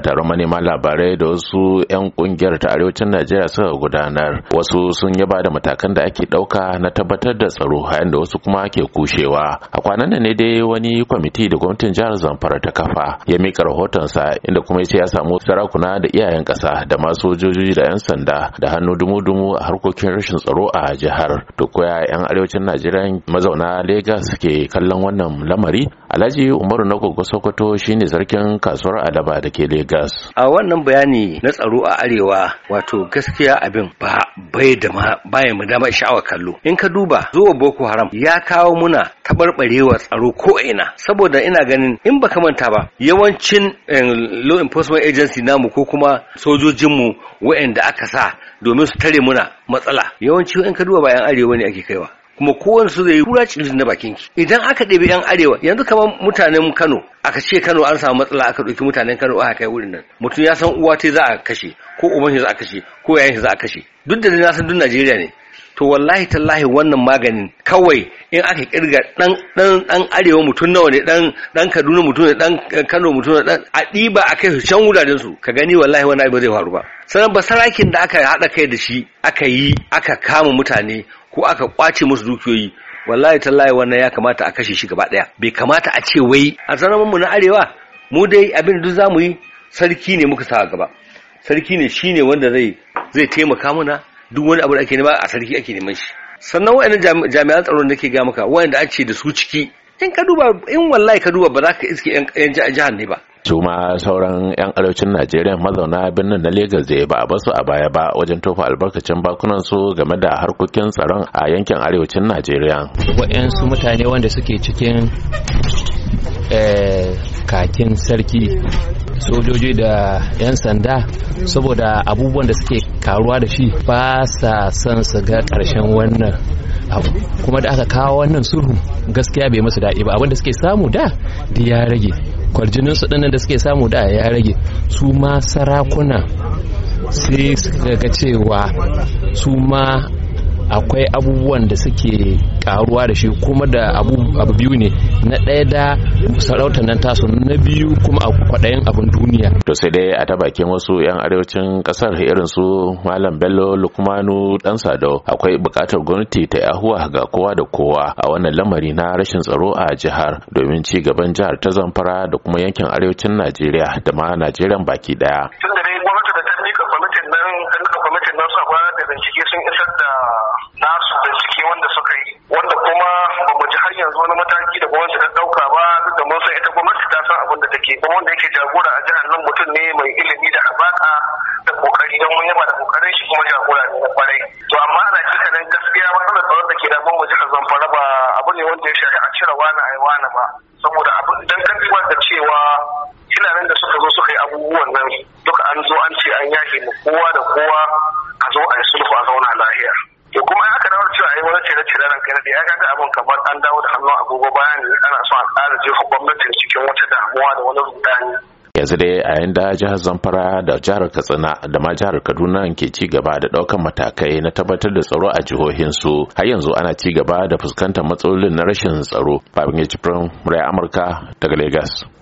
a taron manema labarai da wasu 'yan kungiyar ta arewacin najeriya suka gudanar wasu sun yaba da matakan da ake ɗauka na tabbatar da tsaro yayin da wasu kuma ke kushewa a kwanan nan ne dai wani kwamiti da gwamnatin jihar zamfara ta kafa ya mika rahotonsa inda kuma ya samu sarakuna da iyayen kasa da masu sojoji da 'yan sanda da hannu dumu-dumu a harkokin rashin tsaro a jihar to koya 'yan arewacin najeriya mazauna Legas suke kallon wannan lamari Alhaji Umaru na Gogo Sokoto shine sarkin kasuwar adaba da ke Legas. A wannan bayani na tsaro a Arewa wato gaskiya abin ba bai da ma bayan mu dama sha'awa kallo. In ka duba zuwa Boko Haram ya kawo muna tabarbarewa tsaro ko ina saboda ina ganin in baka manta ba yawancin eh, law enforcement agency namu ko kuma sojojinmu waɗanda aka sa domin su tare muna matsala yawanci in ka duba bayan arewa ne ake kaiwa kuma kowane su zai kura cikin na bakin ki idan aka ɗebi yan arewa yanzu kamar mutanen Kano aka ce Kano an samu matsala aka ɗauki mutanen Kano aka kai wurin nan mutum ya san uwa ta za a kashe ko uban za a kashe ko yayin shi za a kashe duk da na san duk Najeriya ne to wallahi tallahi wannan maganin kawai in aka kirga dan dan dan arewa mutum nawa ne dan dan Kaduna mutum ne dan Kano mutum ne dan a diba a kai can wuraren su ka gani wallahi wani abu zai faru ba sanan basarakin da aka hada kai da shi aka yi aka kama mutane ko aka kwace musu dukiyoyi wallahi tallahi wannan ya kamata a kashe shi gaba daya bai kamata a ce wai a zaman mu na arewa mu dai abin duk zamu yi sarki ne muka sa gaba sarki ne shine wanda zai zai taimaka mana duk wani abu da ake nema a sarki ake neman shi sannan wa'annan jami'an tsaron da ke ga maka wayanda a ce da su ciki in ka duba in wallahi ka duba ba za ka iske yan jihar ne ba su ma sauran 'yan arewacin najeriya mazauna birnin na Legas da ba a basu a baya ba wajen tofa albarkacin bakunan su game da harkokin tsaron a yankin arewacin najeriya waɗansu mutane wanda suke cikin eh, kakin sarki sojoji da 'yan sanda saboda abubuwan da suke karuwa da shi ba sa son su ga ƙarshen wannan abu kuma da aka kawo wannan sulhu gaskiya bai masu daɗi ba abinda suke samu da ya rage kwarjinin su da suke samu da ya rage su ma sarakuna sai su ga cewa su ma akwai abubuwan da suke karuwa da shi kuma da abu biyu ne na ɗaya da sarautar nan taso na biyu kuma a kwaɗayin abin duniya to sai dai a ta bakin wasu 'yan arewacin ƙasar irin su malam bello lukmanu dan sadau akwai buƙatar gwamnati ta yahuwa ga kowa da kowa a wannan lamari na rashin tsaro a jihar domin ci gaban jihar ta zamfara da kuma yankin arewacin najeriya da ma najeriya baki ɗaya wani mataki da kuma ta ɗauka ba duk da mun san ita gwamnati ta san abin da take kuma wanda yake jagora a jihar nan mutum ne mai ilimi da habaka da kokari don mun yaba da kokarin shi kuma jagora ne na kwarai to amma ana cika nan gaskiya matsalar tsaron da ke da mu jihar Zamfara ba abu ne wanda ya shafi a cire wani a wani ba saboda abin dan kan da cewa nan da suka zo suka yi abubuwan nan duka an zo an ce an yafe mu kowa da kowa a zo a yi sulhu a zauna cire ran kai da ya ga abin kamar an dawo da hannun agogo bayan ana so a ƙara jefa gwamnatin cikin wata damuwa da wani rudani yanzu dai a yayin da jihar zamfara da jihar katsina da ma jihar kaduna ke ci gaba da daukan matakai na tabbatar da tsaro a jihohin su, har yanzu ana ci gaba da fuskantar matsalolin na rashin tsaro babin ya murai amurka daga lagos